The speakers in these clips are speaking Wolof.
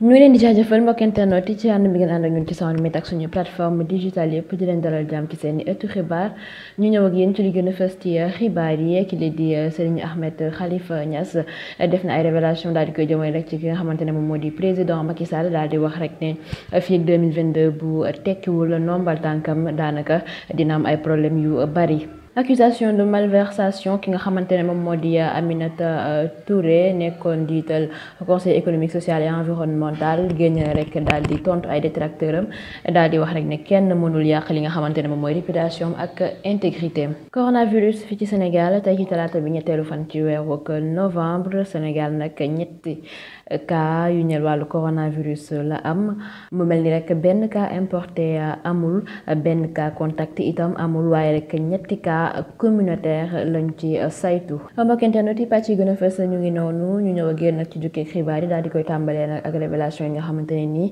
ñu leen di jaajëfal mbokk internet yi ci ànd bi ngeen ànd ak ñun ci sawan mi ak suñu plateforme digitale yëpp di leen dalal jàmm ci seen i xibaar ñu ñëw ak yéen ci li gën a fës ci eh, xibaar yi eh, ki leen di eh, Serigne Ahmed xalifa ñas def na ay révélation daal koy jëmale rek ci ki nga xamante ne moom moo di président Macky Sall daal di wax rek ne fii ak 2022 bu tekkiwul nombal tànkam daanaka dina am ay problème yu bari accusation de malversation ki nga xamante ne moom moo di euh, Aminata euh, Touré nekkoon njiital conseil économique social et environnemental génn rek daal di tontu ay détracteur am daal di wax rek ne kenn mënul yàq li nga xamante ne moom mooy réputation ak intégrité coronavirus fi ci Sénégal tey ci talaata bi ñetteelu fan ci weeru novembre Sénégal nag ñetti cas yu ñel wàllu coronavirus la am mu mel ni rek benn kaa importé euh, amul benn cas contact itam amul waaye rek ñetti cas média communautaire lañ ci euh, saytu mbokk internet yi pàcc yi gën a fës ñu ngi ñëw a génn nag ci jukki xibaar yi daal koy tàmbalee nag ak révélation yi nga xamante ne nii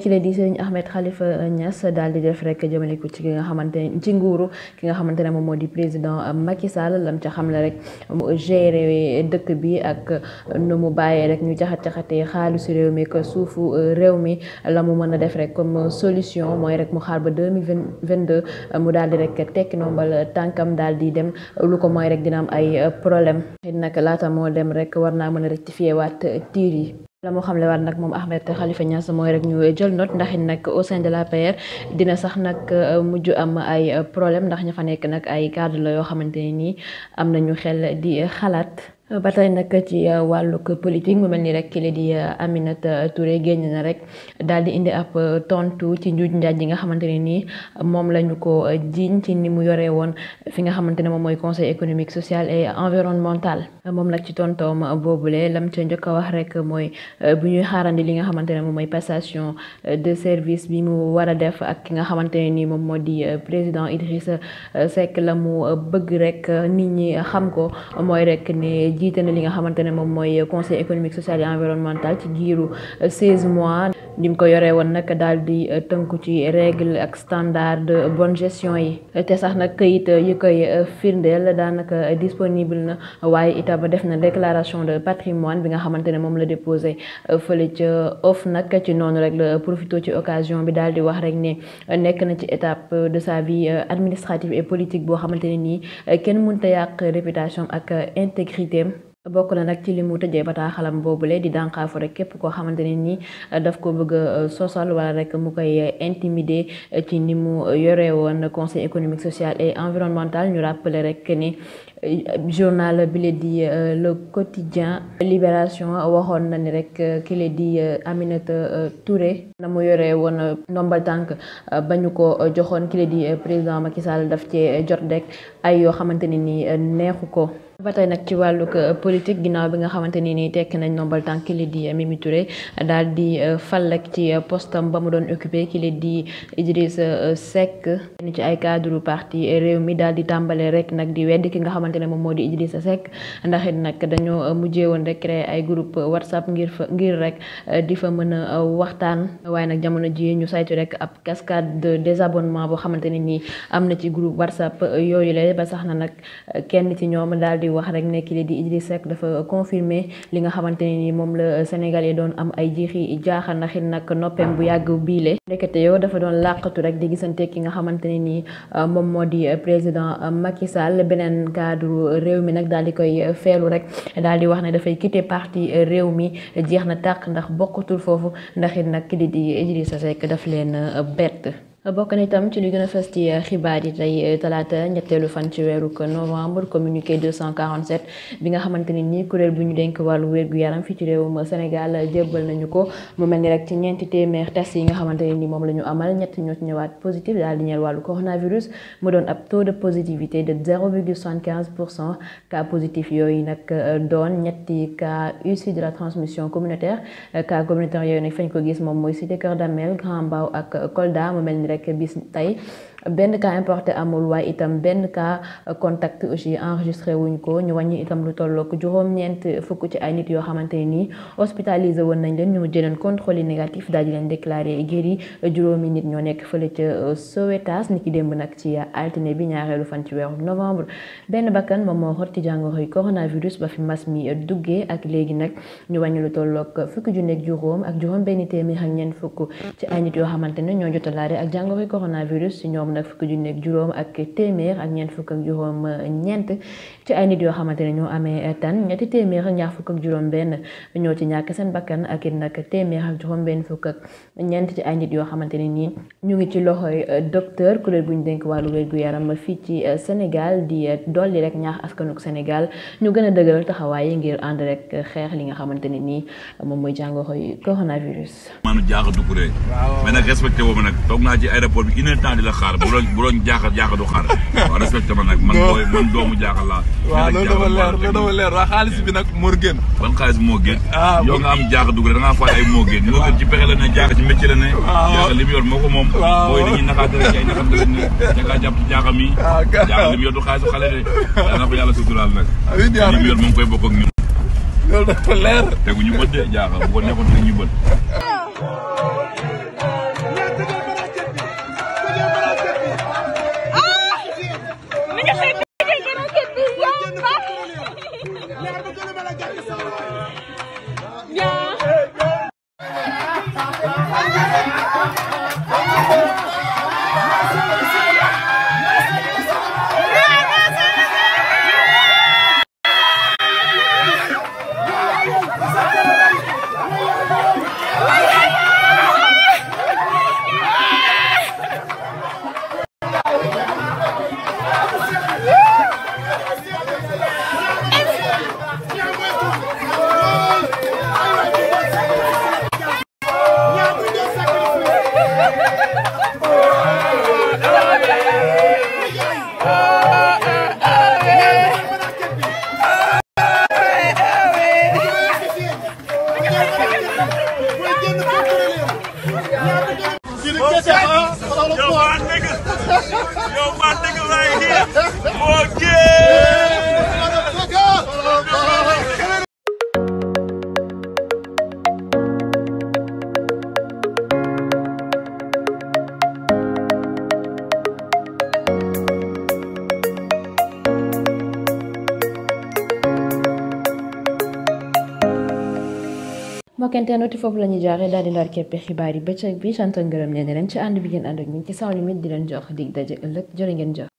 ki eh, la di sëriñ Ahmed euh, def rek jëmale ko ci ki nga xamante ne ci nguuru ki nga xamante ne moom moo di président euh, Macky Sall lam ca xamle rek mu géré dëkk bi ak nu mu bàyyee rek ñu jaxat-jaxatee xaalisu réew mi ko suufu réew mi la mu mën a def rek comme solution mooy rek mu xaar ba 2022 mu daal rek tekki nombal tànkam itam daal di dem lu ko mooy rek dina am ay euh, problème xëy nag laata moo dem rek war naa mën a rectifier waat euh, tiir yi la moo xam le waat nag moom Ahmed Khalifa Niass mooy rek ñu euh, jël note ndax it nag au sein de l'APR dina sax nag mujj am ay problème ndax ña fa nekk nag ay cadre la yoo xamante ne nii am nañu xel di xalaat Euh, ba tey nag ci euh, wàllug politique mu mel nii rek kii di euh, Aminata Touré génn na rek daal di indi ab tontu ci njuuj njaaj yi nga xamante ne nii moom la ñu ko jiiñ ci ni mu yoree woon fi nga xamante ne moom mooy conseil économique social et moom nag ci tontoom boobule lam ca njëkk a wax rek mooy bu ñuy xaarandi li nga xamante ne moom mooy passation de service bi mu war a def ak ki nga xamante ne nii moom moo di président Idrissa Seck la mu bëgg rek nit ñi xam ko mooy rek ne jiite na li nga xamante ne moom mooy conseil économique social et environnemental ci giiru 16 mois. ni mu ko yoree woon nag daal di eh, tënku ci règle ak standard bon gestion yi te sax nag kayit yi koy firnde eh, firndeel daanaka disponible na waaye itam def na déclaration de patrimoine bi nga xamante ne moom la déposé eh, fële ca of nag ci noonu rek la profité ci occasion bi daal di wax rek ne nekk na ci étape de sa vie administrative et politique boo xamante ne nii kenn mënta yàq réputation ak intégrité bokk na nag ci li mu tëjee bataaxalam boobule di dànkaafu rek képp koo xamante ne ni uh, daf ko bëgg a uh, sosal wala rek mu koy uh, intimider ci ni mu yore woon conseil économique social et environnemental ñu rappeler rek ni journal bi la di le quotidien libération waxoon na ni rek ki la di Aminata Touré na mu yore woon ndombal tànk ba ñu ko joxoon ki la di président Macky Sall daf cee jot rek ay yoo xamante ne ni neexu ko. ba tey nag ci wàllu euh, politique ginnaaw bi nga xamante ni nii tekki nañ nombal tànk ki li di euh, Mimi Touré daal di euh, fallak ci postam ba mu doon occupé ki li di sa Seck ni ci ay cadre parti réew mi daal di tàmbale rek nag di wedd ki nga xamante ne moom moo di Idriss Seck ndax it nag dañoo mujjee woon rek ay groupe WhatsApp ngir fa ngir rek di fa mën a waxtaan waaye nag jamono ji ñu saytu rek ab cascade de désabonnement boo xamante ne nii am na ci groupe WhatsApp yooyu la ba sax na nag kenn ci ñoom di wax rek ne kii di Idriss Seck dafa confirmer li nga xamante ne ni moom la Sénégal yi doon am ay jiixi jaaxal ndax it nag noppeem bu yàgg biile ndekete yow dafa doon làqatu rek di gisante ki nga xamante ne ni uh, moom moo di uh, président uh, Macky Sall beneen cadre réew mi nag daal di koy feelu rek daal di wax ne dafay quitter parti réew mi jeex na tàq ndax bokkatul foofu ndax it nag kii di Idriss Seck daf leen bett bokk na itam ci lu gën a fës ci eh, xibaar yi tey eh, talaata ñetteelu fan ci weeru novembre communiqué bi nga xamante ne nii kuréel bu ñu denk wàllu wér-gu-yaram fii ci réew réewum Sénégal jébbal nañu ko mu mel ni rek ci ñeenti téeméer test yi nga xamante ne nii moom la ñu amal ñett ñoo ci ñëwaat positif daal di ñeel wàllu coronavirus mu doon ab taux de positivité de 0,75 pour cent cas positif yooyu nag eh, doon ñetti cas issus de la transmission communautaire cas communautaire yooyu nag fañ ko gis moom mooy cité Kër Damel Grand Mbao fekkee bis tey benn cas importé amul waaye itam benn ka contact aussi enregistré wuñ ko ñu wàññi itam lu tollook juróom-ñeent fukk ci ay nit yoo xamante ne nii hospitalisé woon nañ leen ñu jëleen contrôle négatif daal di leen déclaré guéri juróomi nit ñoo nekk fële ca euh, Sowetas ni ki démb nag ci altine bi ñaareelu fan ci weeru novembre benn bakkan moom moo xor ci jàngoro yi coronavirus ba fi mi duggee ak léegi nag ñu wàññi lu tollook fukki junni ak juróom ak juróom benn téeméer ak ñeent fukk nit yoo xamante ne ñoo jotalaare ak jàngoro yi coronavirus ci ñoom juróom fukk fukki junni juróom ak téeméer ak ñeent fukk ak juróom ñeent ci ay nit yoo xamante ne ñoo amee tan ñetti téeméer ak ñaar fukk ak juróom benn ñoo ci ñàkk seen bakkan ak it nag téeméer ak juróom benn fukk ak ñeent ci ay nit yoo xamante ne nii ñu ngi ci loxoy euh, docteur kuréel gu ñu dénk wàllu gu yaram fii ci euh, Sénégal di euh, dolli rek ñaax askanuk Sénégal ñu gën a dëgëral taxawaay yi ngir ànd rek xeex li nga xamante ne nii moom mooy jàngoroy coronavirus. maanaam naa ci bu doon bu doon jaaxal a du xaar waaw respecté ma nag man booy man doomu jaaxal laa waaw loolu dafa leer loolu dafa bi nag moo gën ban xaalis moo gën ah, yow nga am jaaxal dugg da ngaa fay ay moo gën moo gën ci la ne jaaxal a métier la ne jaaxal li mu yor moo ko moom booy dañuy naxaate rek ay naxam da ne da ngaa a ci jaaxal mi ah, jaaxal li mu yor du xaalisu xale de daana ko yàlla suturaal nag li mu yor moom koy bokk a ñun loolu dafa leer tegu ñu bët de jaaxal bu ko nekkoon teg ñu mbokk internet foofu la ñuy jaaree daal di ndaar keppe xibaar yi bëccëg bi sant ngërëm leen leen ci ànd bi ngeen ànd ak ñun ci saw limite di jox dig daje ëllëg jërë ngeen jox